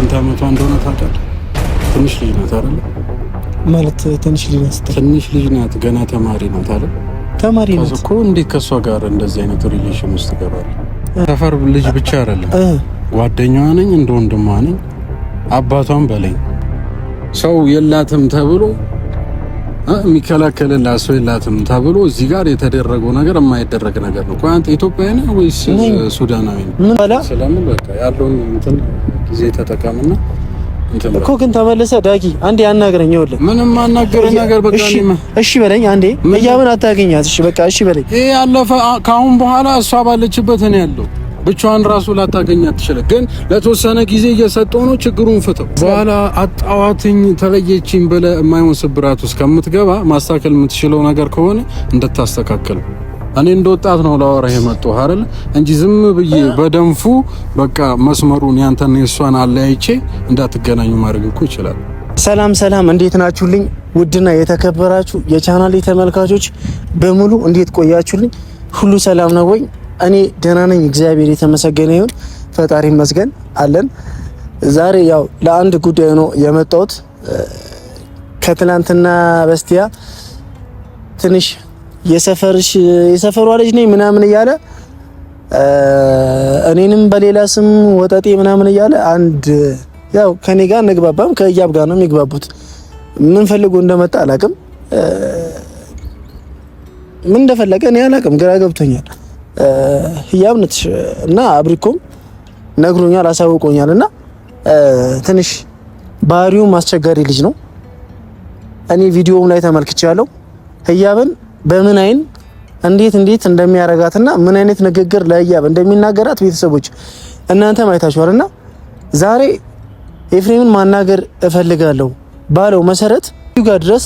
ስንት አመቷ እንደሆነ ታውቃለህ? ትንሽ ልጅ ናት አይደል? ማለት ትንሽ ልጅ ናት ትንሽ ልጅ ናት፣ ገና ተማሪ ናት አይደል? ተማሪ ናት እኮ። እንዴት ከእሷ ጋር እንደዚህ አይነት ሪሌሽን ውስጥ ገባል? ሰፈር ልጅ ብቻ አይደለም፣ ጓደኛዋ ነኝ፣ እንደ ወንድሟ ነኝ፣ አባቷም በለኝ። ሰው የላትም ተብሎ የሚከላከልላት ሰው የላትም ተብሎ እዚህ ጋር የተደረገው ነገር የማይደረግ ነገር ነው። አንተ ኢትዮጵያዊ ነህ ወይስ ሱዳናዊ ነህ? ስለምን በቃ ያለውን እንትን ጊዜ ተጠቀምና እኮ ግን ተመለሰ። ዳጊ አንዴ አናግረኝ። ይኸውልህ ምንም አናገረኝ ነገር በቃ እሺ በለኝ አንዴ። መያምን አታገኛት። እሺ በቃ እሺ በለኝ። ይሄ ያለፈ። ከአሁን በኋላ እሷ ባለችበት እኔ ያለው ብቻዋን ራሱ ላታገኛት ትችላለህ። ግን ለተወሰነ ጊዜ እየሰጠው ነው። ችግሩን ፍተው በኋላ አጣዋትኝ ተለየችኝ ብለህ የማይሆን ስብራት ውስጥ ከምትገባ ማስተካከል የምትችለው ነገር ከሆነ እንድታስተካከል እኔ እንደ ወጣት ነው ላወራህ የመጣሁ አይደል እንጂ ዝም ብዬ በደንፉ በቃ መስመሩን ያንተን የሷን አለያይቼ እንዳትገናኙ ማድረግ እኮ ይችላል። ሰላም ሰላም፣ እንዴት ናችሁልኝ? ውድና የተከበራችሁ የቻናሌ ተመልካቾች በሙሉ እንዴት ቆያችሁልኝ? ሁሉ ሰላም ነው ወይ? እኔ ደህና ነኝ፣ እግዚአብሔር የተመሰገነ ይሁን። ፈጣሪ መስገን አለን። ዛሬ ያው ለአንድ ጉዳይ ነው የመጣሁት። ከትላንትና በስቲያ ትንሽ የሰፈርሽ የሰፈሯ ልጅ ነኝ ምናምን እያለ እኔንም በሌላ ስም ወጠጤ ምናምን እያለ አንድ ያው ከኔ ጋር እንግባባም ከእያብ ጋር ነው የሚግባቡት። ምን ፈልጎ እንደመጣ አላቅም። ምን እንደፈለገ እኔ አላቅም፣ ግራ ገብቶኛል። ህያብ እና አብሪኮም ነግሮኛል፣ አሳውቆኛል። እና ትንሽ ባህሪውም አስቸጋሪ ልጅ ነው። እኔ ቪዲዮውም ላይ ተመልክቻለሁ ህያብን በምን አይን እንዴት እንዴት እንደሚያረጋትና ምን አይነት ንግግር ለያብ እንደሚናገራት ቤተሰቦች እናንተ ማየታችኋልና ዛሬ ኤፍሬምን ማናገር እፈልጋለሁ ባለው መሰረት ዩጋ ድረስ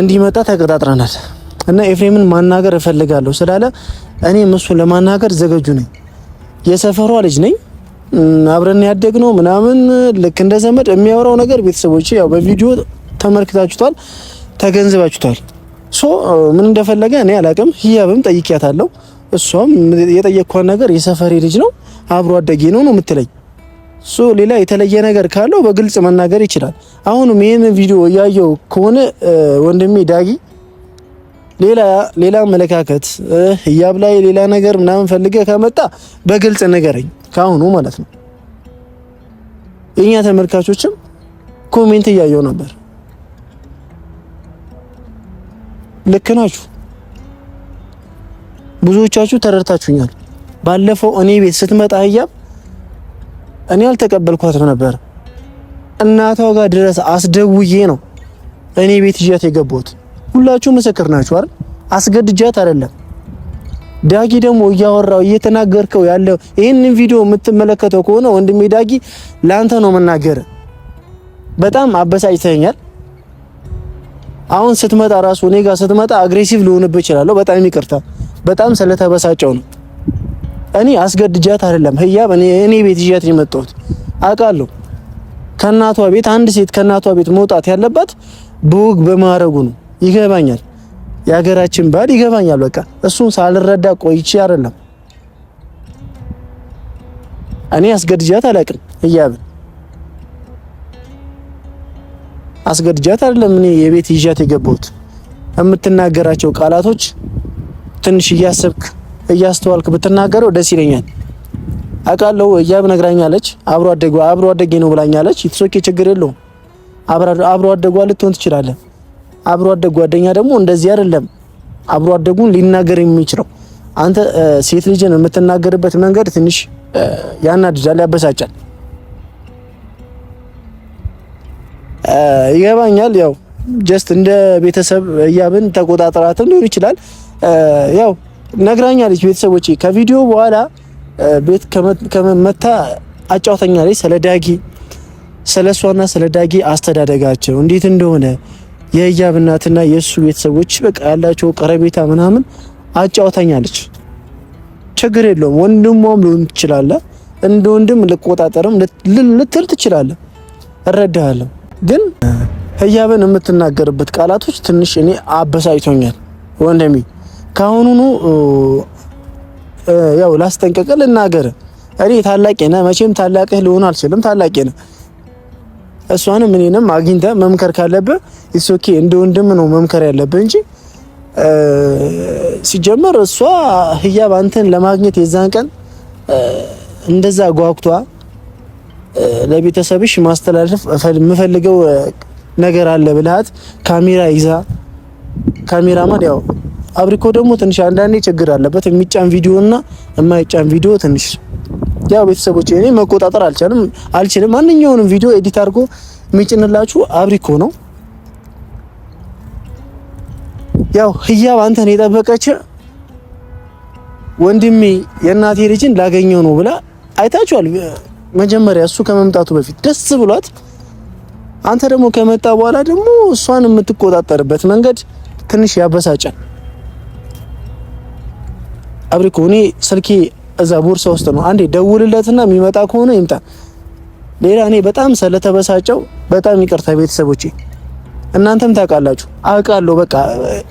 እንዲመጣ ተቀጣጥረናል እና ኤፍሬምን ማናገር እፈልጋለሁ ስላለ እኔም እሱን ለማናገር ዝግጁ ነኝ። የሰፈሯ ልጅ ነኝ፣ አብረን ያደግነው ምናምን ልክ እንደ ዘመድ የሚያወራው ነገር ቤተሰቦች ያው በቪዲዮ ተመልክታችሁታል፣ ተገንዝባችሁታል። ሶ ምን እንደፈለገ እኔ አላቅም። ህያብም ጠይቂያታለሁ። እሷም የጠየቅኳን ነገር የሰፈሬ ልጅ ነው አብሮ አደጌ ነው ነው የምትለኝ። ሶ ሌላ የተለየ ነገር ካለው በግልጽ መናገር ይችላል። አሁንም ይህን ቪዲዮ እያየው ከሆነ ወንድሜ ዳጊ ሌላ ሌላ አመለካከት ህያብ ላይ ሌላ ነገር ምናምን ፈልገ ከመጣ በግልጽ ንገረኝ ካሁኑ ማለት ነው። የኛ ተመልካቾችም ኮሜንት እያየው ነበር። ልክ ናችሁ። ብዙዎቻችሁ ተረድታችሁኛል። ባለፈው እኔ ቤት ስትመጣ ህያብ እኔ አልተቀበልኳትም ነበር። እናቷ ጋር ድረስ አስደውዬ ነው እኔ ቤት ይዣት የገባሁት። ሁላችሁ ምስክር ናችሁ አይደል? አስገድጃት አይደለም። ዳጊ ደግሞ እያወራው እየተናገርከው ያለው ይህንን ቪዲዮ የምትመለከተው ከሆነ ወንድሜ ዳጊ ላንተ ነው መናገር። በጣም አበሳጭተኛል። አሁን ስትመጣ ራሱ እኔ ጋር ስትመጣ አግሬሲቭ ልሆንብህ እችላለሁ። በጣም ይቅርታ፣ በጣም ስለተበሳጨው ነው። እኔ አስገድጃት አይደለም ህያብ፣ እኔ ቤት ይዣት የመጣሁት አውቃለሁ። ከእናቷ ቤት አንድ ሴት ከእናቷ ቤት መውጣት ያለባት በወግ በማረጉ ነው። ይገባኛል፣ የሀገራችን ባህል ይገባኛል። በቃ እሱን ሳልረዳ ቆይቼ አይደለም። እኔ አስገድጃት አላውቅም ህያብን አስገድጃት አይደለም እኔ የቤት ይዣት የገባሁት። የምትናገራቸው ቃላቶች ትንሽ እያሰብክ እያስተዋልክ ብትናገረው ደስ ይለኛል። አውቃለሁ እያብ ነግራኛለች። አብሮ አደጓ አብሮ አደጌ ነው ብላኛለች። ኢትሶኬ ችግር የለውም። አብሮ አደጓ ልትሆን ትችላለህ። አብሮ አደግ ጓደኛ ደግሞ እንደዚህ አይደለም። አብሮ አደጉን ሊናገር የሚችለው አንተ ሴት ልጅን የምትናገርበት መንገድ ትንሽ ያናድዳል፣ ያበሳጫል። ይገባኛል። ያው ጀስት እንደ ቤተሰብ እያብን ተቆጣጥራትም ሊሆን ይችላል። ያው ነግራኛለች። ቤተሰቦች ከቪዲዮ በኋላ ቤት ከመመታ አጫውተኛለች። ስለ ዳጊ ስለ እሷና ስለ ዳጊ አስተዳደጋቸው እንዴት እንደሆነ የህያብ እናትና የእሱ ቤተሰቦች በቃ ያላቸው ቀረቤታ ምናምን አጫውተኛለች። ችግር የለውም ወንድሟም ልሆን ትችላለህ። እንደ ወንድም ልቆጣጠርም ልትል ትችላለህ። እረዳሃለሁ ግን ህያብን የምትናገርበት ቃላቶች ትንሽ እኔ አበሳጭቶኛል። ወንድሜ ካሁኑኑ ያው ላስጠንቀቀ ልናገር። እኔ ታላቅ ነህ፣ መቼም ታላቅህ ሊሆን አልችልም። ታላቅ ነህ። እሷንም እኔንም አግኝተ መምከር ካለብህ ኢትስ ኦኬ፣ እንደ ወንድም ነው መምከር ያለብህ እንጂ ሲጀመር እሷ ህያብ አንተን ለማግኘት የዛን ቀን እንደዛ ጓጉቷ ለቤተሰብሽ ማስተላለፍ የምፈልገው ነገር አለ ብልሃት ካሜራ ይዛ ካሜራማን ያው አብሪኮ ደግሞ ትንሽ አንዳንዴ ችግር አለበት። የሚጫን ቪዲዮና የማይጫን ቪዲዮ ትንሽ ያው ቤተሰቦች እኔ መቆጣጠር አልቻልም አልችልም። ማንኛውንም ቪዲዮ ኤዲት አድርጎ የሚጭንላችሁ አብሪኮ ነው። ያው ህያብ አንተን የጠበቀች ወንድሜ የእናቴ ልጅን ላገኘው ነው ብላ አይታችኋል። መጀመሪያ እሱ ከመምጣቱ በፊት ደስ ብሏት፣ አንተ ደግሞ ከመጣ በኋላ ደግሞ እሷን የምትቆጣጠርበት መንገድ ትንሽ ያበሳጫል። አብሪኮ እኔ ስልኬ እዛ ቦርሳ ውስጥ ነው። አንዴ ደውልለትና የሚመጣ ከሆነ ይምጣ። ሌላ እኔ በጣም ስለተበሳጨው በጣም ይቅርታ ቤተሰቦቼ፣ እናንተም ታውቃላችሁ፣ አውቃለሁ፣ በቃ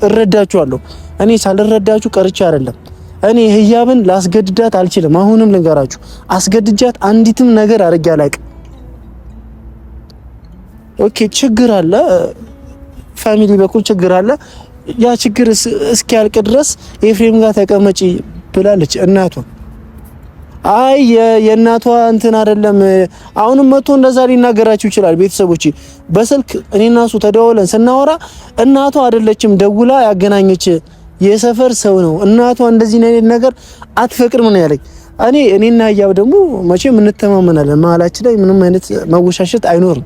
እረዳችኋለሁ። እኔ ሳልረዳችሁ ቀርቼ አይደለም እኔ ህያብን ላስገድዳት አልችልም። አሁንም ልንገራችሁ አስገድጃት አንዲትም ነገር አድርጌ አላውቅም። ኦኬ ችግር አለ፣ ፋሚሊ በኩል ችግር አለ። ያ ችግር እስኪያልቅ ድረስ ኤፍሬም ጋር ተቀመጪ ብላለች እናቷ። አይ የእናቷ እንትን አይደለም። አሁንም መጥቶ እንደዛ ሊናገራችሁ ይችላል። ቤተሰቦች በስልክ እኔና እሱ ተደዋውለን ስናወራ እናቷ አይደለችም ደውላ ያገናኘች የሰፈር ሰው ነው። እናቷ እንደዚህ አይነት ነገር አትፈቅድም ነው ያለኝ። እኔ እኔና ያው ደግሞ መቼም እንተማመናለን፣ መሀላችን ላይ ምንም አይነት መወሻሸት አይኖርም።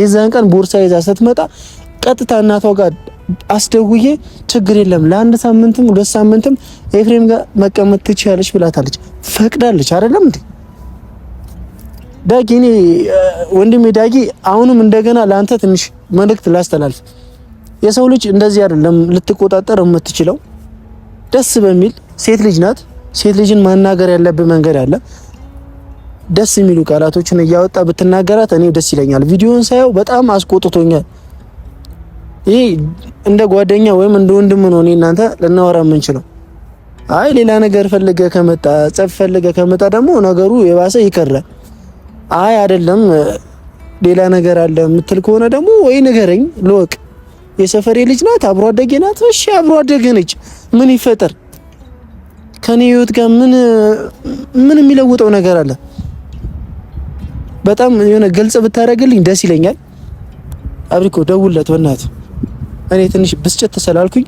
የዛን ቀን ቦርሳ ይዛ ስትመጣ ቀጥታ እናቷ ጋር አስደውዬ ችግር የለም ለአንድ ሳምንትም ሁለት ሳምንትም ኤፍሬም ጋር መቀመጥ ትችያለሽ ብላታለች። ፈቅዳለች አይደለም እንዴ ዳጊ? እኔ ወንድሜ ዳጊ አሁንም እንደገና ለአንተ ትንሽ መልእክት ላስተላልፍ የሰው ልጅ እንደዚህ አይደለም ልትቆጣጠር የምትችለው። ደስ በሚል ሴት ልጅ ናት። ሴት ልጅን ማናገር ያለብ መንገድ አለ። ደስ የሚሉ ቃላቶችን እያወጣ ብትናገራት እኔ ደስ ይለኛል። ቪዲዮን ሳየው በጣም አስቆጥቶኛል። ይህ እንደ ጓደኛ ወይም እንደ ወንድም ነው እኔ እናንተ ልናወራ የምንችለው። አይ ሌላ ነገር ፈልገ ከመጣ ጸብ ፈልገ ከመጣ ደግሞ ነገሩ የባሰ ይከራል። አይ አይደለም ሌላ ነገር አለ የምትል ከሆነ ደግሞ ወይ ንገረኝ ልወቅ የሰፈሬ ልጅ ናት፣ አብሮ አደጌ ናት። እሺ አብሮ አደጌ ነች። ምን ይፈጠር ከኔ ህይወት ጋር ምን ምን የሚለውጠው ነገር አለ? በጣም የሆነ ግልጽ ብታደርግልኝ ደስ ይለኛል። አብሪኮ ደውልለት በእናትህ። እኔ ትንሽ ብስጭት ተሰላልኩኝ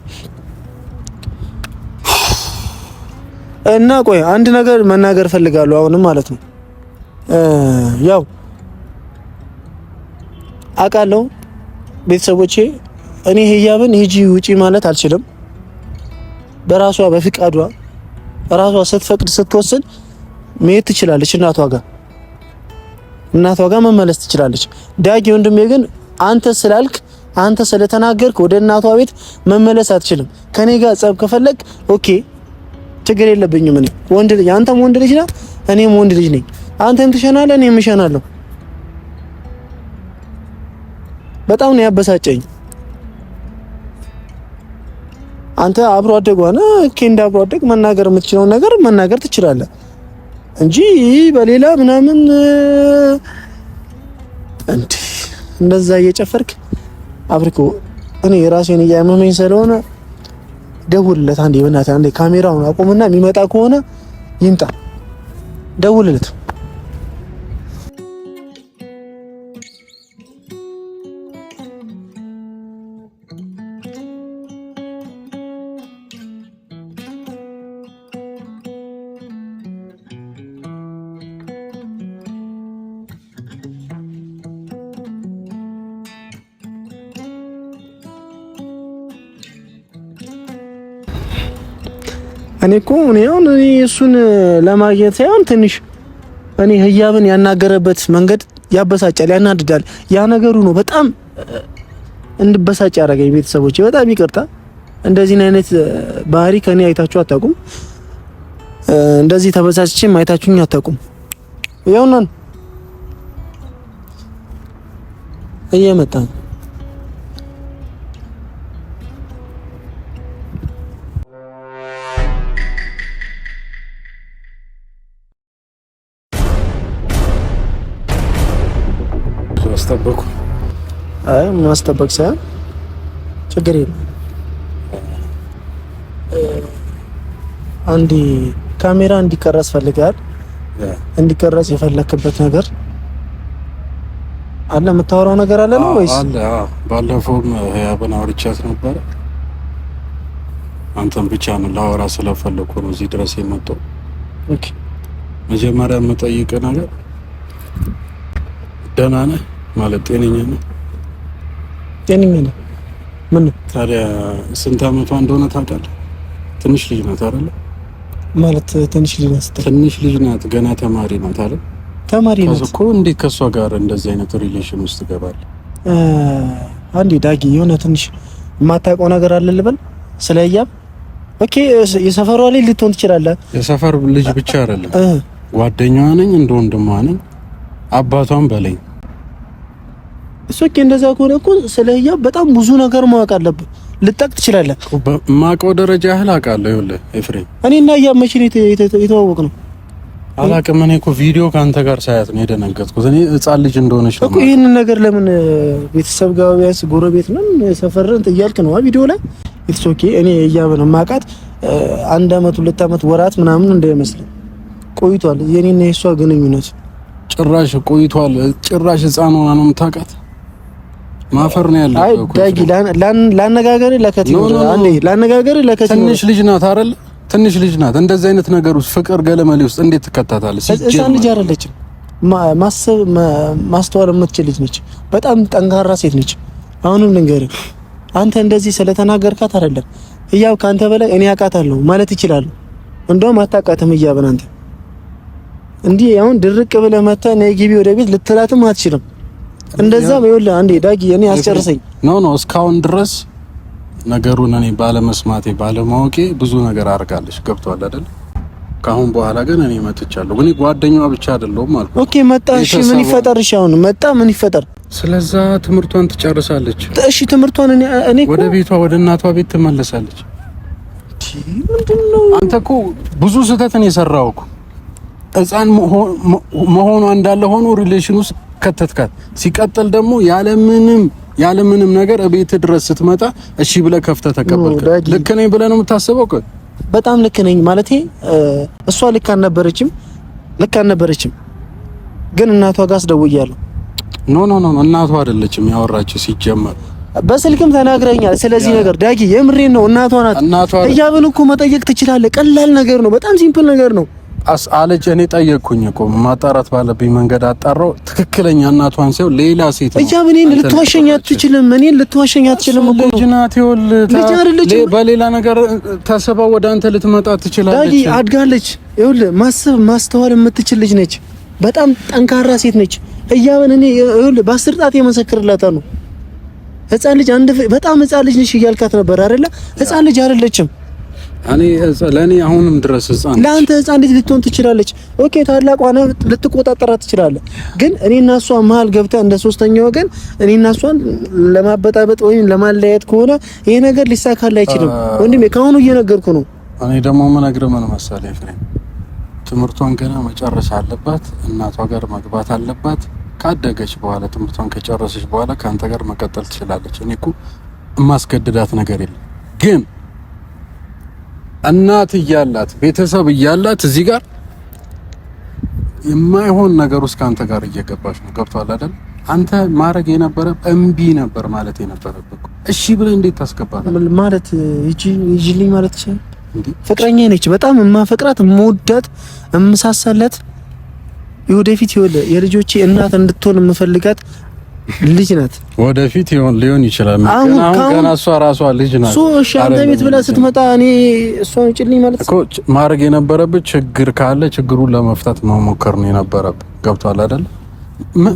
እና ቆይ አንድ ነገር መናገር እፈልጋለሁ አሁንም ማለት ነው። ያው አውቃለሁ ቤተሰቦቼ እኔ ህያብን ሂጂ ውጪ ማለት አልችልም። በራሷ በፍቃዷ ራሷ ስትፈቅድ ስትወስን መሄድ ትችላለች። እናቷ ጋር እናቷ ጋር መመለስ ትችላለች። ዳጊ ወንድሜ ግን አንተ ስላልክ አንተ ስለተናገርክ ወደ እናቷ ቤት መመለስ አትችልም። ከኔ ጋር ጸብ ከፈለግ ኦኬ፣ ችግር የለብኝም። እኔ ወንድ ልጅ አንተም ወንድ ልጅ ነህ፣ እኔም ወንድ ልጅ ነኝ። አንተም ትሸናለህ፣ እኔም እሸናለሁ። በጣም ነው ያበሳጨኝ። አንተ አብሮ አደግ ሆነ ኬንዳ አብሮ አደግ መናገር የምትችለውን ነገር መናገር ትችላለህ እንጂ በሌላ ምናምን እንዲ እንደዛ እየጨፈርክ አብሪኮ እኔ ራሴን እያመመኝ ስለሆነ ደውልለት አንዴ፣ በእናትህ አንዴ ካሜራውን አቁምና የሚመጣ ከሆነ ይምጣ፣ ደውልለት። እኔ እኮ እኔ አሁን እኔ እሱን ለማግኘት ሳይሆን ትንሽ እኔ ህያብን ያናገረበት መንገድ ያበሳጫል፣ ያናድዳል። ያ ነገሩ ነው በጣም እንድበሳጭ ያደረገኝ። ቤተሰቦች በጣም ይቅርታ። እንደዚህ አይነት ባህሪ ከኔ አይታችሁ አታውቁም። እንደዚህ ተበሳጭቼም አይታችሁኝ አታውቁም። ይኸውናን እየመጣ ነው አይ ማስጠበቅ ሳይሆን ችግር የለም። አንዲ ካሜራ እንዲቀረጽ ፈልጋል። እንዲቀረጽ የፈለክበት ነገር አለ? የምታወራው ነገር አለ ነው ወይስ አለ? ባለፈውም ህያብን አውርቻት ነበር። አንተም ብቻ ነው ላወራ ስለፈለኩ ነው እዚህ ድረስ የመጣው። ኦኬ፣ መጀመሪያ የምጠይቅ ነገር ደህና ነህ ማለት ጤነኛ ነህ? ጤነኛ ነኝ። ምን ታዲያ ስንት አመቷ እንደሆነ ታውቃለህ? ትንሽ ልጅ ናት አይደለ? ማለት ትንሽ ልጅ ናት ትንሽ ልጅ ናት፣ ገና ተማሪ ናት አይደል? ተማሪ ናት እኮ። እንዴት ከእሷ ጋር እንደዚህ አይነት ሪሌሽን ውስጥ ገባል? አንዴ ዳጊ፣ የሆነ ትንሽ የማታውቀው ነገር አለ ልበል ስለ ህያብ። ኦኬ፣ የሰፈሯ ልጅ ልትሆን ትችላለህ። የሰፈር ልጅ ብቻ አይደለም፣ ጓደኛዋ ነኝ፣ እንደ ወንድሟ ነኝ፣ አባቷም በለኝ እሱ እንደዛ ከሆነ እኮ ስለ ህያብ በጣም ብዙ ነገር ማወቅ አለብህ። ልጠቅ ትችላለህ። ማውቀው ደረጃ ያህል አውቃለሁ። ይኸውልህ ኤፍሬም፣ እኔ እና ህያብ መቼ ነው የተዋወቅነው? አላውቅም። እኔ እኮ ቪዲዮ ከአንተ ጋር ሳያት ነው የደነገጥኩት። እኔ ህፃን ልጅ እንደሆነች ነው እኮ። ይህንን ነገር ለምን ቤተሰብ ጋር ቢያንስ ጎረቤት ምን ሰፈርን እያልክ ነው ቪዲዮ ላይ ኢትስ ኦኬ። እኔ ነው የማውቃት አንድ አመት ሁለት አመት ወራት ምናምን እንዳይመስልህ ቆይቷል። የኔና የሷ ግንኙነት ጭራሽ ቆይቷል። ጭራሽ ህፃን ሆና ነው የምታውቃት ማፈር ነው ያለው። አይ ዳጊ ላነጋገር ለከቲ አንዴ ላነጋገር ለከቲ ትንሽ ልጅ ናት አይደል? ትንሽ ልጅ ናት። እንደዚህ አይነት ነገር ውስጥ ፍቅር ገለመሌ ውስጥ እንዴት ትከታታለች? እሷን ልጅ አይደለችም። ማሰብ ማስተዋል የምትችል ልጅ ነች። በጣም ጠንካራ ሴት ነች። አሁንም ልንገርህ፣ አንተ እንደዚህ ስለተናገርካት አይደለም እያው ከአንተ በላይ እኔ አውቃታለሁ ማለት ይችላል። እንደውም አታውቃትም ህያብን አንተ እንዲህ አሁን ድርቅ ብለህ መታ ነይ ግቢ ወደ ቤት ልትላትም አትችልም። እንደዛ በይወላ አንዴ ዳጊ እኔ አስጨርሰኝ። ኖ ኖ እስካሁን ድረስ ነገሩን እኔ ባለመስማቴ ባለማወቄ ብዙ ነገር አድርጋለች። ገብቷል አይደል? ከአሁን በኋላ ግን እኔ መጥቻለሁ። እኔ ጓደኛዋ ብቻ አይደለሁም አልኩ። ኦኬ መጣ። እሺ ምን ይፈጠር? እሺ አሁን መጣ ምን ይፈጠር? ስለዛ ትምህርቷን ትጨርሳለች። እሺ ትምህርቷን እኔ እኔ ወደ ቤቷ ወደ እናቷ ቤት ትመለሳለች። አንተ እኮ ብዙ ስህተትን የሰራው እኮ ሕፃን መሆኗ እንዳለ ሆኖ ሪሌሽን ውስጥ ከተትካት። ሲቀጥል ደግሞ ያለምንም ያለምንም ነገር እቤት ድረስ ስትመጣ እሺ ብለህ ከፍተህ ተቀበልክ። ልክ ነኝ ብለህ ነው የምታስበው? በጣም ልክ ነኝ እሷ ልክ አልነበረችም፣ ልክ አልነበረችም። ግን እናቷ ጋር አስደውያለሁ። ኖ ኖ ኖ እናቷ አይደለችም ያወራችው ሲጀመር በስልክም ተናግረኛል ስለዚህ ነገር ዳጊ የምሬን ነው እናቷ ናት እያብን እኮ መጠየቅ ትችላለህ ቀላል ነገር ነው በጣም ሲምፕል ነገር ነው አለች። እኔ ጠየቅኩኝ እኮ ማጣራት ባለብኝ መንገድ አጣራው። ትክክለኛ እናቷን ሳይሆን ሌላ ሴት ነው። እያም እኔን ልትዋሸኝ አትችልም። እኔን ልትዋሸኝ አትችልም እኮ ልጅ ናት። ይኸውልህ በሌላ ነገር ተስባ ወደ አንተ ልትመጣ ትችላለች። አድጋለች። ይኸውልህ ማሰብ ማስተዋል የምትችል ልጅ ነች። በጣም ጠንካራ ሴት ነች። እያምን እኔ ይኸውልህ በአስር ጣት የመሰክርላታ ነው። ህፃን ልጅ አንድ በጣም ህፃን ልጅ ነች እያልካት ነበር አይደለ? ህፃን ልጅ አይደለችም። እኔ ለእኔ አሁንም ድረስ ህፃን ለአንተ ህፃን ልጅ ልትሆን ትችላለች። ኦኬ ታላቋ ነህ ልትቆጣጠራት ትችላለህ። ግን እኔ እና እሷ መሀል ገብተህ እንደ ሶስተኛ ወገን እኔ እሷን ለማበጣበጥ ወይም ለማለያየት ከሆነ ይሄ ነገር ሊሳካል አይችልም። ወንድሜ ከአሁኑ እየነገርኩ ነው። እኔ ደግሞ የምነግርህ ምን መሰለህ ኤፍሬም፣ ትምህርቷን ገና መጨረስ አለባት። እናቷ ጋር መግባት አለባት። ካደገች በኋላ ትምህርቷን ከጨረሰች በኋላ ከአንተ ጋር መቀጠል ትችላለች። እኔ እኮ የማስገድዳት ነገር የለም ግን እናት እያላት ቤተሰብ እያላት እዚህ ጋር የማይሆን ነገር ውስጥ ከአንተ ጋር እየገባች ነው። ገብቷል አይደል? አንተ ማድረግ የነበረ እምቢ ነበር ማለት የነበረብህ እሺ ብለህ እንዴት ታስገባለህ? ማለት እጂ ማለት ይችላል። ፍቅረኛ ነች፣ በጣም የማፈቅራት የምወዳት፣ የምሳሳላት የወደፊት የልጆቼ እናት እንድትሆን የምፈልጋት ልጅ ናት። ወደፊት ሊሆን ይችላል። አሁን ገና እሷ ራሷ ልጅ ናት። እሺ አንተ ቤት ብላ ስትመጣ እኔ እሷ ጭልኝ ማለት እኮ ማድረግ የነበረብህ ችግር ካለ ችግሩን ለመፍታት መሞከር ነው የነበረብህ። ገብቷል አይደል?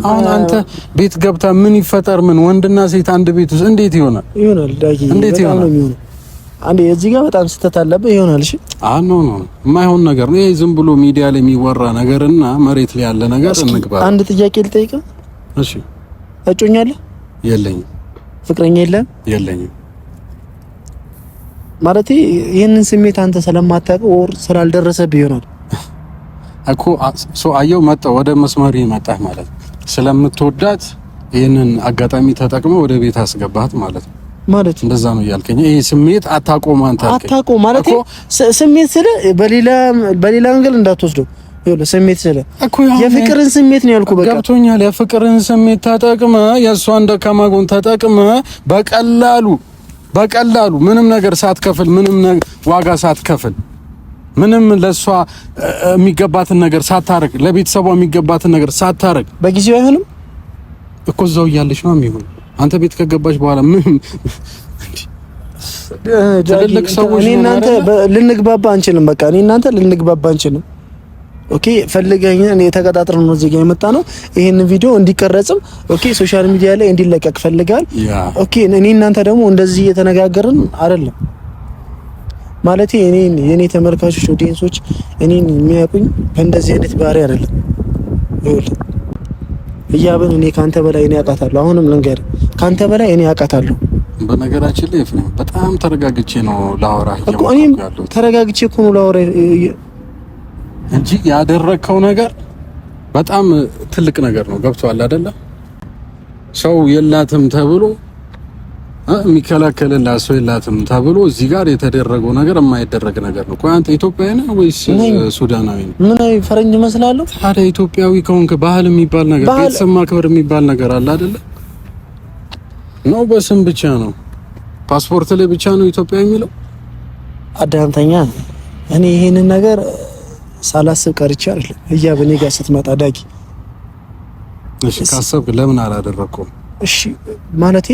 አሁን አንተ ቤት ገብታ ምን ይፈጠር? ምን ወንድና ሴት አንድ ቤት ውስጥ እንዴት ይሆናል? ይሆናል ዳጊ፣ እንዴት ይሆናል? አንዴ እዚህ ጋር በጣም ስተት አለብህ ይሆናል። እሺ አኖ ኖ ኖ፣ የማይሆን ነገር ነው ይሄ። ዝም ብሎ ሚዲያ ላይ የሚወራ ነገርና መሬት ላይ ያለ ነገር እንግባ። አንድ ጥያቄ ልጠይቅ። እሺ እጮኛ አለ? የለኝም። ፍቅረኛ የለም? የለኝም። ማለት ይህንን ስሜት አንተ ስለማታውቀው ወር ስላልደረሰብህ ይሆናል እኮ ሰው አየው መጣ ወደ መስመር መጣ ማለት ስለምትወዳት ይህንን አጋጣሚ ተጠቅመ ወደ ቤት አስገባት ማለት ማለት እንደዛ ነው እያልከኝ፣ ይሄ ስሜት አታቆም አንተ አታቆም ማለት ስሜት ስለ በሌላ በሌላ ነገር እንዳትወስደው ስሜት ስለ የፍቅርን ስሜት ነው ያልኩህ። በቃ ገብቶኛል። የፍቅርን ስሜት ተጠቅመ የእሷን ደካማ ጎን ተጠቅመ በቀላሉ በቀላሉ ምንም ነገር ሳትከፍል ምንም ዋጋ ሳትከፍል ምንም ለእሷ የሚገባትን ነገር ሳታረግ ለቤተሰቧ የሚገባትን ነገር ሳታረግ በጊዜው አይሆንም እኮ እዛው እያለች ነው የሚሆን። አንተ ቤት ከገባች በኋላ ምን ትልልቅ ሰዎች እኔ እናንተ ልንግባባ አንችልም። በቃ እኔ እናንተ ልንግባባ አንችልም። ኦኬ ፈልገኝ እኔ ተቀጣጥረን ነው እዚህ ጋር የመጣ ነው። ይሄን ቪዲዮ እንዲቀረጽም ኦኬ ሶሻል ሚዲያ ላይ እንዲለቀቅ ፈልጋል። ኦኬ እኔ እናንተ ደግሞ እንደዚህ እየተነጋገርን አይደለም ማለት እኔ የኔ ተመልካቾች ኦዲየንሶች እኔን የሚያውቁኝ በእንደዚህ አይነት ባህሪ አይደለም። ይኸውልህ እያብን እኔ ካንተ በላይ እኔ አውቃታለሁ። አሁንም ልንገርህ ካንተ በላይ እኔ አውቃታለሁ። በነገራችን ላይ በጣም ተረጋግቼ ነው ላወራህ እኮ እኔም ተረጋግቼ እኮ ነው ላወራህ እንጂ ያደረከው ነገር በጣም ትልቅ ነገር ነው። ገብቷል አይደለ? ሰው የላትም ተብሎ የሚከላከልላት ሰው የላትም ተብሎ እዚህ ጋር የተደረገው ነገር የማይደረግ ነገር ነው። ቆይ አንተ ኢትዮጵያዊ ነህ ወይስ ሱዳናዊ ነህ? ምን ፈረንጅ እመስላለሁ? ታዲያ ኢትዮጵያዊ ከሆንክ ባህል የሚባል ነገር፣ ቤተሰብ ማክበር የሚባል ነገር አለ አይደለ? ነው በስም ብቻ ነው፣ ፓስፖርት ላይ ብቻ ነው ኢትዮጵያ የሚለው። አዳምጠኛ እኔ ይሄንን ነገር ሳላስብ ቀርቼ አይደለም። እያ በኔ ጋር ስትመጣ ዳጊ፣ እሺ ካሰብክ ለምን አላደረኩም? እሺ ማለቴ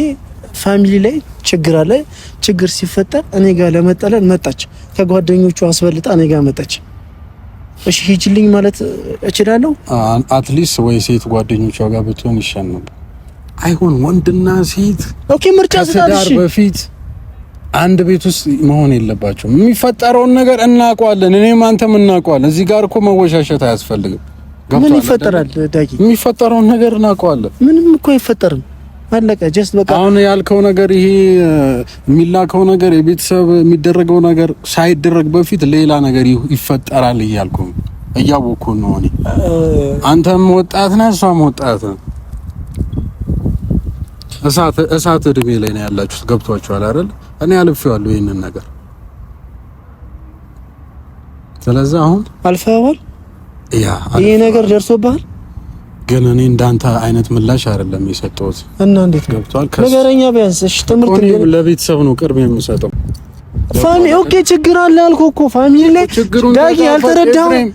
ፋሚሊ ላይ ችግር አለ። ችግር ሲፈጠር እኔ ጋር ለመጠለል መጣች። ከጓደኞቹ አስበልጣ እኔ ጋር መጣች። እሺ ሂጅልኝ ማለት እችላለሁ። አትሊስት ወይ ሴት ጓደኞቿ ጋር ብትሆን ይሻል ነበር። አይሆን ወንድና ሴት ኦኬ፣ ምርጫ ስታልሽ በፊት አንድ ቤት ውስጥ መሆን የለባቸውም። የሚፈጠረውን ነገር እናውቀዋለን፣ እኔም አንተም እናውቀዋለን። እዚህ ጋር እኮ መወሻሸት አያስፈልግም። ምን ይፈጠራል ዳጊ? የሚፈጠረውን ነገር እናውቀዋለን። ምንም እኮ አይፈጠርም። አለቀ። ጀስት በቃ አሁን ያልከው ነገር ይሄ የሚላከው ነገር የቤተሰብ የሚደረገው ነገር ሳይደረግ በፊት ሌላ ነገር ይፈጠራል እያልኩ እያወኩ ነው እኔ። አንተም ወጣት ነህ፣ እሷም ወጣት ነህ። እሳት እሳት እድሜ ላይ ነው ያላችሁት። ገብቷችኋል አይደል? እኔ አልፌዋለሁ ይህንን ነገር። ስለዚህ አሁን አልፈዋል። ያ ይሄ ነገር ደርሶብሃል። ግን እኔ እንዳንተ አይነት ምላሽ አይደለም የሰጠሁት። እና እንዴት ገብቷል? ነገረኛ ቢያንስ እሺ፣ ትምህርት ለቤተሰብ ነው ቅርብ የምሰጠው። ፋሚ ኦኬ፣ ችግር አለ አልኩህ እኮ ፋሚሊ ላይ ዳጊ፣ ያልተረዳኸው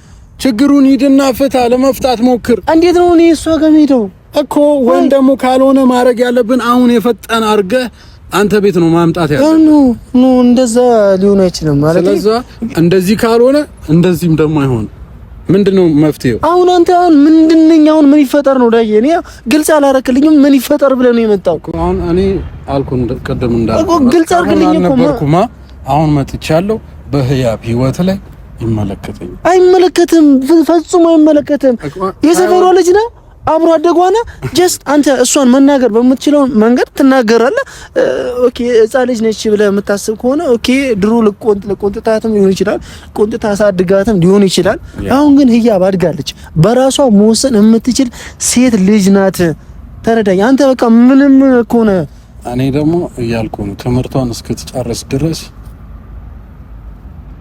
ችግሩን ሂድና ፍታ፣ ለመፍታት ሞክር። እንዴት ነው እኔ እሷ ጋር የምሄደው እኮ ወይም ደግሞ ካልሆነ ማድረግ ያለብን አሁን የፈጠን አድርገህ አንተ ቤት ነው ማምጣት ያለብን። ኑ ኑ፣ እንደዛ ሊሆን አይችልም ማለት ነው። ስለዚህ እንደዚህ ካልሆነ እንደዚህም ደግሞ አይሆን። ምንድነው መፍትሄው? አሁን አንተ አሁን ምንድነኝ? አሁን ምን ይፈጠር ነው ዳዬ? እኔ ግልጽ አላረክልኝም። ምን ይፈጠር ብለህ ነው የመጣው? አሁን እኔ አልኩህ ቅድም እኮ ግልጽ አርግልኝ እኮ ነበርኩማ። አሁን መጥቻለሁ በህያብ ህይወት ላይ ይመለከተኝ። አይመለከትም፣ ፈጽሞ አይመለከትም። የሰፈሯ ልጅ ነው አብሮ አደጓነ ጀስት አንተ እሷን መናገር በምትችለው መንገድ ትናገራለህ። ኦኬ ሕፃን ልጅ ነች ብለህ የምታስብ ከሆነ ኦኬ፣ ድሮ ልቆንጥ ልቆንጥታትም ሊሆን ይችላል፣ ቆንጥታ አሳድጋትም ሊሆን ይችላል። አሁን ግን ህያ ባድጋለች፣ በራሷ መወሰን የምትችል ሴት ልጅ ናት። ተረዳኝ። አንተ በቃ ምንም ከሆነ እኔ ደግሞ እያልኩ ነው ትምህርቷን እስክትጨርስ ድረስ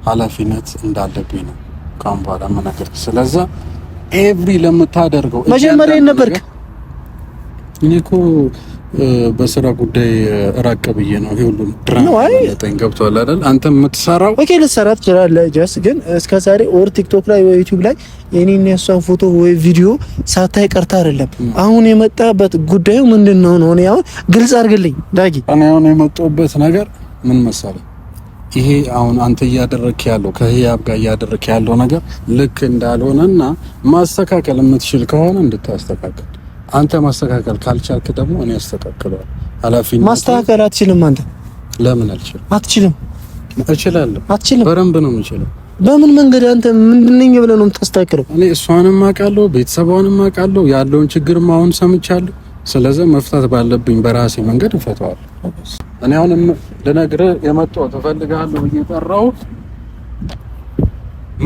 ኃላፊነት እንዳለብኝ ነው ካሁን በኋላ መናገር ስለዛ ኤቭሪ ለምታደርገው መጀመሪያ ነበርክ። እኔ እኮ በስራ ጉዳይ ራቅ ብዬ ነው ይሄ ሁሉ ድራማ ለጠኝ ገብቷል አይደል? አንተ የምትሰራው ኦኬ፣ ልትሰራ ትችላለህ። ጀስ ግን እስከ ዛሬ ኦር ቲክቶክ ላይ ወይ ዩቲዩብ ላይ የኔን የሷን ፎቶ ወይ ቪዲዮ ሳታይ ቀርታ አይደለም። አሁን የመጣበት ጉዳዩ ምንድን ነው ነው? እኔ አሁን ግልጽ አድርግልኝ ዳጊ። እኔ አሁን የመጣሁበት ነገር ምን መሰለህ ይሄ አሁን አንተ እያደረክ ያለው ከህያብ ጋር እያደረክ ያለው ነገር ልክ እንዳልሆነና ማስተካከል የምትችል ከሆነ እንድታስተካከል አንተ ማስተካከል ካልቻልክ ደግሞ እኔ አስተካክለዋል። ኃላፊነት ማስተካከል አትችልም። አንተ ለምን አልችልም? አትችልም። እችላለሁ። አትችልም። በረንብ ነው የምችለው። በምን መንገድ አንተ ምንድነኝ ብለህ ነው የምታስተካክለው? እኔ እሷንም አውቃለሁ፣ ቤተሰቧንም አውቃለሁ፣ ያለውን ችግርም አሁን ሰምቻለሁ። ስለዚህ መፍታት ባለብኝ በራሴ መንገድ እፈታዋለሁ። እኔ አሁንም ልነግርህ የመጣው ትፈልጋለሁ እየጠራው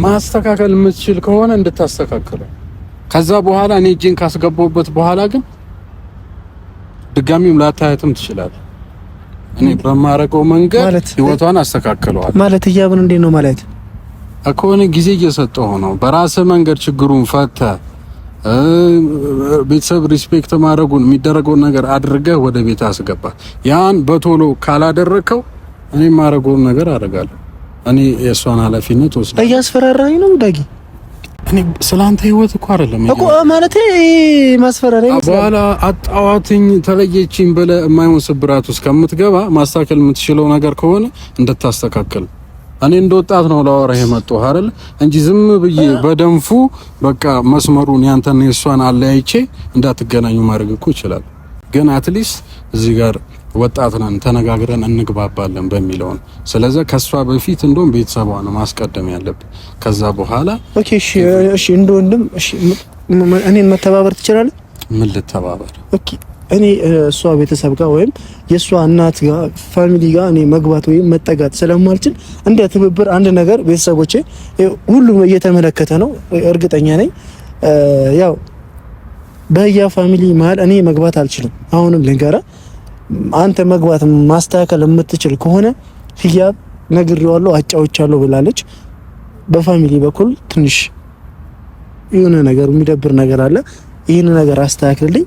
ማስተካከል የምትችል ከሆነ እንድታስተካክለው ከዛ በኋላ እኔ እጄን ካስገባሁበት በኋላ ግን ድጋሚም ላታያትም ትችላለህ። እኔ በማረገው መንገድ ህይወቷን አስተካክለዋል ማለት እያብን እንዴት ነው ማለት እኮ እኔ ጊዜ እየሰጠሁ ነው። በራስህ መንገድ ችግሩን ፈተህ ቤተሰብ ሪስፔክት ማድረጉን የሚደረገውን ነገር አድርገህ ወደ ቤት አስገባ። ያን በቶሎ ካላደረከው እኔ ማድረገውን ነገር አደርጋለሁ። እኔ የእሷን ኃላፊነት ወስደ እያስፈራራኝ ነው ዳጊ። እኔ ስለ አንተ ህይወት እኮ አይደለም እኮ ማለት ማስፈራሪያ። በኋላ አጣዋትኝ ተለየችኝ ብለህ የማይሆን ስብራት ውስጥ ከምትገባ ማስተካከል የምትችለው ነገር ከሆነ እንድታስተካከል እኔ እንደ ወጣት ነው ላወራህ የመጣሁ አይደል እንጂ ዝም ብዬ በደንፉ በቃ መስመሩን ያንተን የሷን አለያይቼ እንዳትገናኙ ማድረግ እኮ ይችላል። ግን አትሊስት እዚህ ጋር ወጣት ነን ተነጋግረን እንግባባለን በሚለው ነው። ስለዚህ ከሷ በፊት እንደውም ቤተሰቧ ነው ማስቀደም ያለብን። ከዛ በኋላ ኦኬ፣ እሺ፣ እሺ፣ እንደ ወንድም እሺ፣ እኔን መተባበር ትችላለህ። ምን ልተባበር? ኦኬ እኔ እሷ ቤተሰብ ጋር ወይም የእሷ እናት ጋር ፋሚሊ ጋር እኔ መግባት ወይም መጠጋት ስለማልችል እንደ ትብብር አንድ ነገር ቤተሰቦቼ ሁሉም እየተመለከተ ነው፣ እርግጠኛ ነኝ። ያው በህያ ፋሚሊ መሀል እኔ መግባት አልችልም። አሁንም ልንገራ፣ አንተ መግባት ማስተካከል የምትችል ከሆነ ህያ ነግሬዋለሁ፣ አጫውቻለሁ ብላለች። በፋሚሊ በኩል ትንሽ የሆነ ነገር የሚደብር ነገር አለ። ይህን ነገር አስተካክልልኝ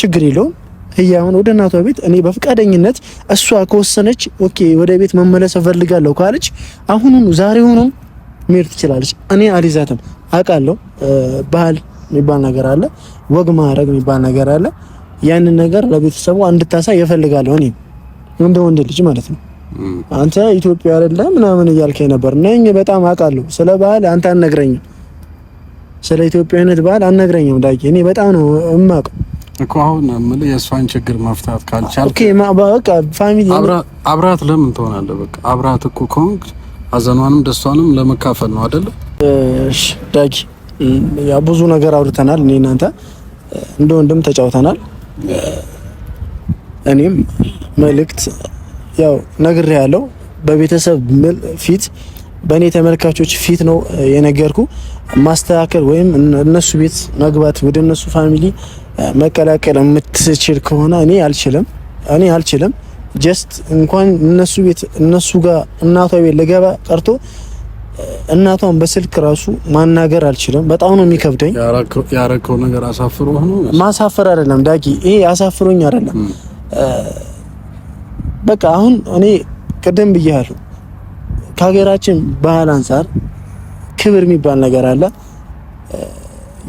ችግር የለውም። ህያ አሁን ወደ እናቷ ቤት እኔ በፈቃደኝነት እሷ ከወሰነች ኦኬ፣ ወደ ቤት መመለስ እፈልጋለሁ ካለች አሁኑኑ ዛሬውኑ መሄድ ትችላለች። እኔ አልይዛትም። አውቃለሁ ባህል የሚባል ነገር አለ፣ ወግ ማዕረግ የሚባል ነገር አለ። ያንን ነገር ለቤተሰቡ እንድታሳይ እፈልጋለሁ። እኔ እንደ ወንድ ልጅ ማለት ነው። አንተ ኢትዮጵያ አይደለ ምናምን እያልከኝ ነበር። ነኝ በጣም አውቃለሁ። ስለ ባህል አንተ አነግረኝም፣ ስለ ኢትዮጵያዊነት ባህል አነግረኝም ዳጊ። እኔ በጣም ነው እማውቀው እኮ አሁን የምልህ የእሷን ችግር መፍታት ካልቻል አብራት ለምን ትሆናለህ? በቃ አብራት እኮ ከሆንክ ሀዘኗንም ደስቷንም ለመካፈል ነው አይደለ? ዳጊ ያው ብዙ ነገር አውርተናል። እኔ እናንተ እንደ ወንድም ተጫውተናል። እኔም መልእክት ያው ነግሬ ያለው በቤተሰብ ፊት በእኔ ተመልካቾች ፊት ነው የነገርኩ። ማስተካከል ወይም እነሱ ቤት መግባት ወደ እነሱ ፋሚሊ መቀላቀል የምትችል ከሆነ እኔ አልችልም እኔ አልችልም። ጀስት እንኳን እነሱ ቤት እነሱ ጋር እናቷ ቤት ልገባ ቀርቶ እናቷን በስልክ ራሱ ማናገር አልችልም። በጣም ነው የሚከብደኝ። ያረከው ነገር አሳፍሮ ነው። ማሳፈር አይደለም ዳጊ፣ ይሄ አሳፍሮኝ አይደለም። በቃ አሁን እኔ ቅድም ብያለሁ፣ ከሀገራችን ባህል አንጻር ክብር የሚባል ነገር አለ።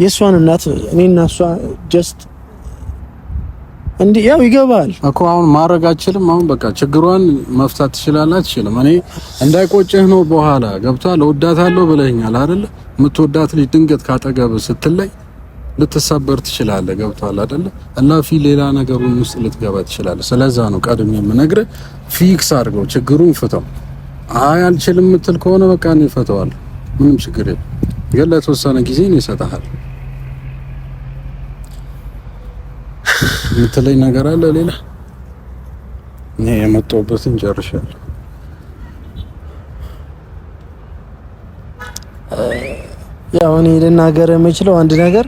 የእሷን እናት እኔ እና እሷ ጀስት እንዲህ ያው ይገባል እኮ አሁን ማድረግ አችልም። አሁን በቃ ችግሯን መፍታት ትችላለህ አትችልም። እኔ እንዳይቆጭህ ነው በኋላ ገብቷል። እወዳታለሁ ብለኸኛል አይደል? የምትወዳት ልጅ ድንገት ካጠገብህ ስትለይ ልትሰበር ትችላለህ። ገብቷል አይደለ? እና ፊ ሌላ ነገሩን ውስጥ ልትገባ ትችላለህ። ስለዛ ነው ቀድሜ የምነግርህ፣ ፊክስ አድርገው ችግሩን ፍተው። አይ አልችልም የምትል ከሆነ በቃ እኔ እፈተዋለሁ፣ ምንም ችግር የለም። ግን ለተወሰነ ጊዜ ነው ይሰጥሃል የምትለኝ ነገር አለ ሌላ? እኔ የመጣሁበትን ጨርሻለሁ። ያው እኔ ልናገር የምችለው አንድ ነገር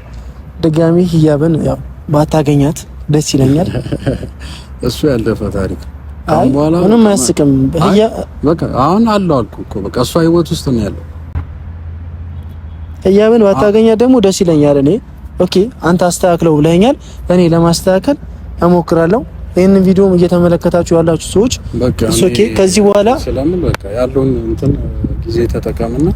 ድጋሚ ህያብን ያው ባታገኛት ደስ ይለኛል። እሱ ያለፈ ታሪክ በኋላ ምንም አያስቅም። በቃ አሁን አለው አልኩህ እኮ በቃ እሷ ህይወት ውስጥ ነው ያለው። ህያብን ባታገኛት ደግሞ ደስ ይለኛል እኔ ኦኬ አንተ አስተካክለው ብለኛል። እኔ ለማስተካከል እሞክራለሁ። ይህንን ቪዲዮም እየተመለከታችሁ ያላችሁ ሰዎች ኦኬ፣ ከዚህ በኋላ ስለምን በቃ ያለውን እንትን ጊዜ ተጠቀምና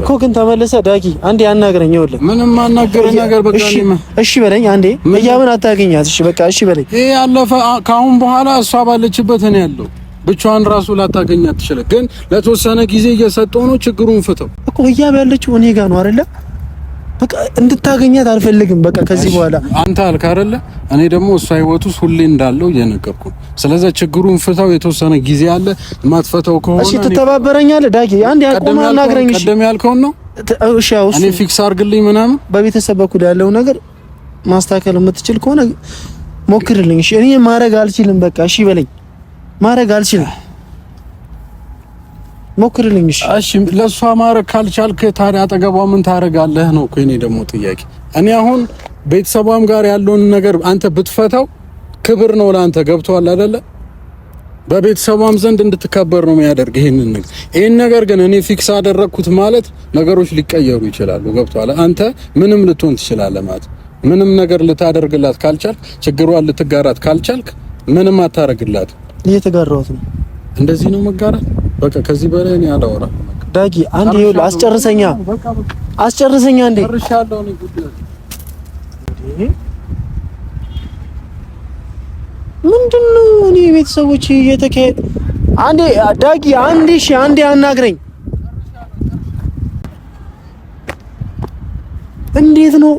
እኮ ግን ተመለሰ ዳጊ አንዴ አናግረኝ። ይኸውልህ ምንም አናገረኝ ነገር በቃ እሺ እሺ በለኝ አንዴ እያምን አታገኛት። እሺ በቃ እሺ በለኝ። ይሄ ያለፈ ከአሁን በኋላ እሷ ባለችበት እኔ ያለው ብቻዋን ራሱ ላታገኛት ትችላለህ። ግን ለተወሰነ ጊዜ እየሰጠው ነው። ችግሩን ፍተው እኮ ህያብ ያለችው እኔ ጋር ነው አይደለ በቃ እንድታገኛት አልፈልግም። በቃ ከዚህ በኋላ አንተ አልክ አይደለ? እኔ ደግሞ እሷ ህይወት ውስጥ ሁሌ እንዳለው እየነገርኩ ስለዚህ ችግሩን ፍታው። የተወሰነ ጊዜ አለ። ማትፈታው ከሆነ እሺ፣ ትተባበረኛለህ ዳጊ? አንድ ያቆማ አናግረኝ። እሺ፣ ቀደም ያልከውን ነው። እሺ፣ አውስ እኔ ፊክስ አድርግልኝ ምናምን። በቤተሰብ በኩል ያለው ነገር ማስተካከል የምትችል ከሆነ ሞክርልኝ። እሺ፣ እኔ ማድረግ አልችልም። በቃ እሺ በለኝ። ማድረግ አልችልም ሞክርልኝ። እሺ ለእሷ ማድረግ ካልቻልክ ታዲያ አጠገቧ ምን ታደርጋለህ ነው እኮ የእኔ ደግሞ ጥያቄ። እኔ አሁን ቤተሰቧም ጋር ያለውን ነገር አንተ ብትፈታው ክብር ነው ለአንተ። ገብቶሃል አይደለ? በቤተሰቧም ዘንድ እንድትከበር ነው የሚያደርግ ይሄንን ነገር። ይሄን ነገር ግን እኔ ፊክስ አደረግኩት ማለት ነገሮች ሊቀየሩ ይችላሉ። ገብቶሃል? አንተ ምንም ልትሆን ትችላለህ ማለት ምንም ነገር ልታደርግላት ካልቻልክ፣ ችግሯን ልትጋራት ካልቻልክ፣ ምንም አታረግላት። እየተጋራሁት ነው። እንደዚህ ነው መጋራት በቃ ከዚህ በላይ እኔ አላወራም። ዳጊ አንድ ይኸውልህ፣ አስጨርሰኛ አስጨርሰኛ እንዴ ምንድን ነው እኔ ቤተሰቦች እየተካሄደ አንዴ ዳጊ አንዴ እሺ አንዴ አናግረኝ። እንዴት ነው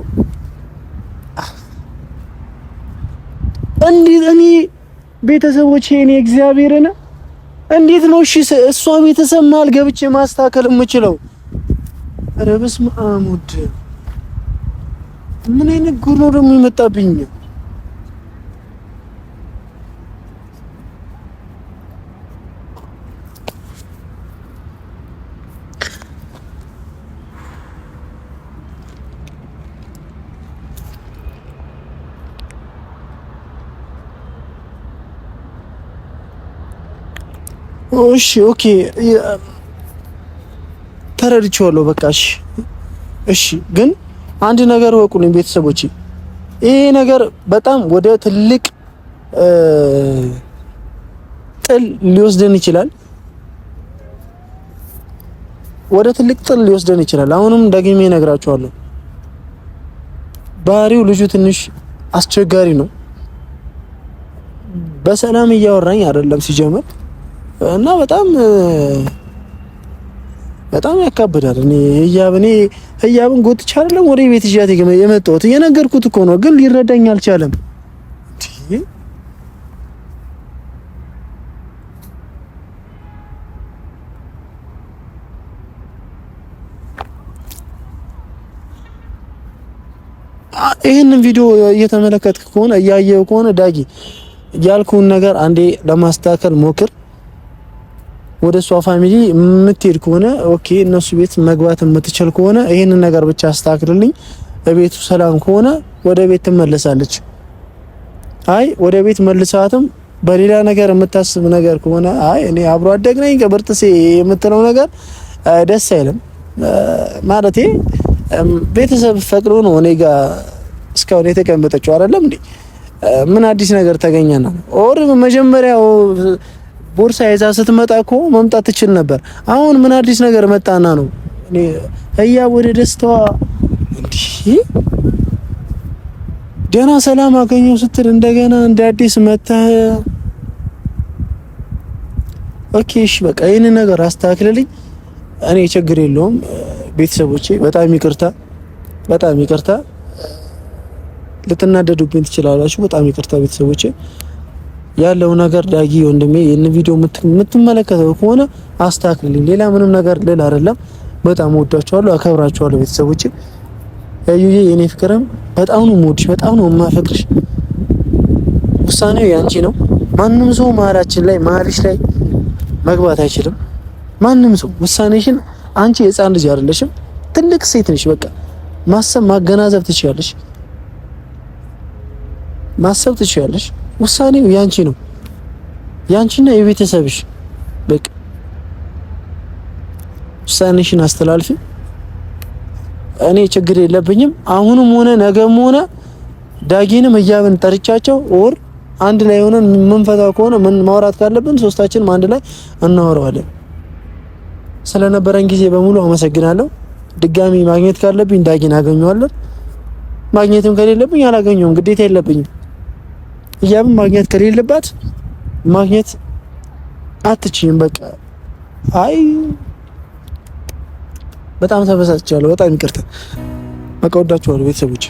እንዴት እኔ ቤተሰቦቼ እኔ እግዚአብሔርን እንዴት ነው እሺ? እሷ ቤተሰብ መሀል ገብቼ ማስተካከል የምችለው? ኧረ በስመ አብ! ምን አይነት ጉድ ነው ደግሞ የመጣብኝ? እሺ ኦኬ፣ ተረድቼዋለሁ። በቃ እሺ፣ እሺ። ግን አንድ ነገር ወቁልኝ ቤተሰቦቼ፣ ይሄ ነገር በጣም ወደ ትልቅ ጥል ሊወስደን ይችላል። ወደ ትልቅ ጥል ሊወስደን ይችላል። አሁንም ደግሜ እነግራችኋለሁ፣ ባህሪው ልጁ ትንሽ አስቸጋሪ ነው። በሰላም እያወራኝ አይደለም ሲጀምር እና በጣም በጣም ያካብዳል። እኔ ህያብ እኔ ህያብን ጎትቼ አይደለም ወደ ቤት ይዣት የመጣሁት እየነገርኩት እኮ ነው፣ ግን ሊረዳኝ አልቻለም። ይህንን ቪዲዮ እየተመለከትክ ከሆነ እያየው ከሆነ ዳጊ ያልኩን ነገር አንዴ ለማስተካከል ሞክር። ወደ እሷ ፋሚሊ የምትሄድ ከሆነ ኦኬ፣ እነሱ ቤት መግባት የምትችል ከሆነ ይህንን ነገር ብቻ አስተካክልልኝ። ቤቱ ሰላም ከሆነ ወደ ቤት ትመለሳለች። አይ ወደ ቤት መልሳትም በሌላ ነገር የምታስብ ነገር ከሆነ አይ እኔ አብሮ አደግ ነኝ ቅብርጥሴ የምትለው ነገር ደስ አይልም። ማለቴ ቤተሰብ ፈቅዶ ነው እኔ ጋር እስካሁን የተቀመጠችው አይደለም እንዴ? ምን አዲስ ነገር ተገኘና? ኦር መጀመሪያው ቦርሳ ይዛ ስትመጣ እኮ መምጣት ትችል ነበር። አሁን ምን አዲስ ነገር መጣና ነው? እያ ወደ ደስታዋ እንዲህ ገና ሰላም አገኘው ስትል እንደገና እንደ አዲስ መጣ። ኦኬ፣ እሺ በቃ ይህን ነገር አስተካክልልኝ። እኔ ችግር የለውም። ቤተሰቦቼ በጣም ይቅርታ፣ በጣም ይቅርታ። ልትናደዱብኝ ትችላላችሁ። በጣም ይቅርታ ቤተሰቦቼ። ያለው ነገር ዳጊ ወንድሜ ይህን ቪዲዮ የምትመለከተው ከሆነ አስተካክልልኝ። ሌላ ምንም ነገር ልል አይደለም። በጣም ወዳቸዋለሁ፣ አከብራቸዋለሁ። ቤተሰቦች ያዩዬ የኔ ፍቅርም በጣም ነው የምወድሽ፣ በጣም ነው የማፈቅርሽ። ውሳኔው ያንቺ ነው። ማንም ሰው መሀላችን ላይ መሀልሽ ላይ መግባት አይችልም። ማንም ሰው ውሳኔሽን፣ አንቺ የህፃን ልጅ አይደለሽም፣ ትልቅ ሴት ነሽ። በቃ ማሰብ ማገናዘብ ትችያለሽ፣ ማሰብ ትችያለሽ። ውሳኔው ያንቺ ነው፣ ያንቺና የቤተሰብሽ በቃ ውሳኔሽን አስተላልፊ። እኔ ችግር የለብኝም። አሁንም ሆነ ነገም ሆነ ዳጊንም እያብን ጠርቻቸው ኦር አንድ ላይ ሆነን ምንፈታው ከሆነ ምን ማውራት ካለብን ሶስታችንም አንድ ላይ እናወራዋለን። ስለነበረን ጊዜ በሙሉ አመሰግናለሁ። ድጋሚ ማግኘት ካለብኝ ዳጊን አገኘዋለሁ። ማግኘትም ከሌለብኝ አላገኘውም፣ ግዴታ የለብኝም። ህጃብን ማግኘት ከሌለባት ማግኘት አትችይም። በቃ አይ በጣም ተበሳጭቻለሁ። በጣም ይቅርታ። በቃ ወዳችኋለሁ ቤተሰቦች።